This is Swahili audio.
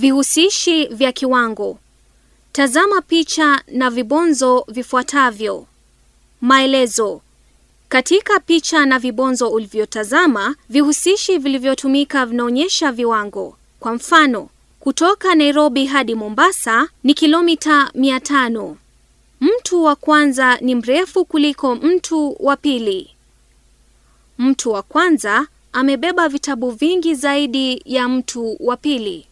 Vihusishi vya kiwango. Tazama picha na vibonzo vifuatavyo. Maelezo. Katika picha na vibonzo ulivyotazama, vihusishi vilivyotumika vinaonyesha viwango. Kwa mfano, kutoka Nairobi hadi Mombasa ni kilomita 500. Mtu wa kwanza ni mrefu kuliko mtu wa pili. Mtu wa kwanza amebeba vitabu vingi zaidi ya mtu wa pili.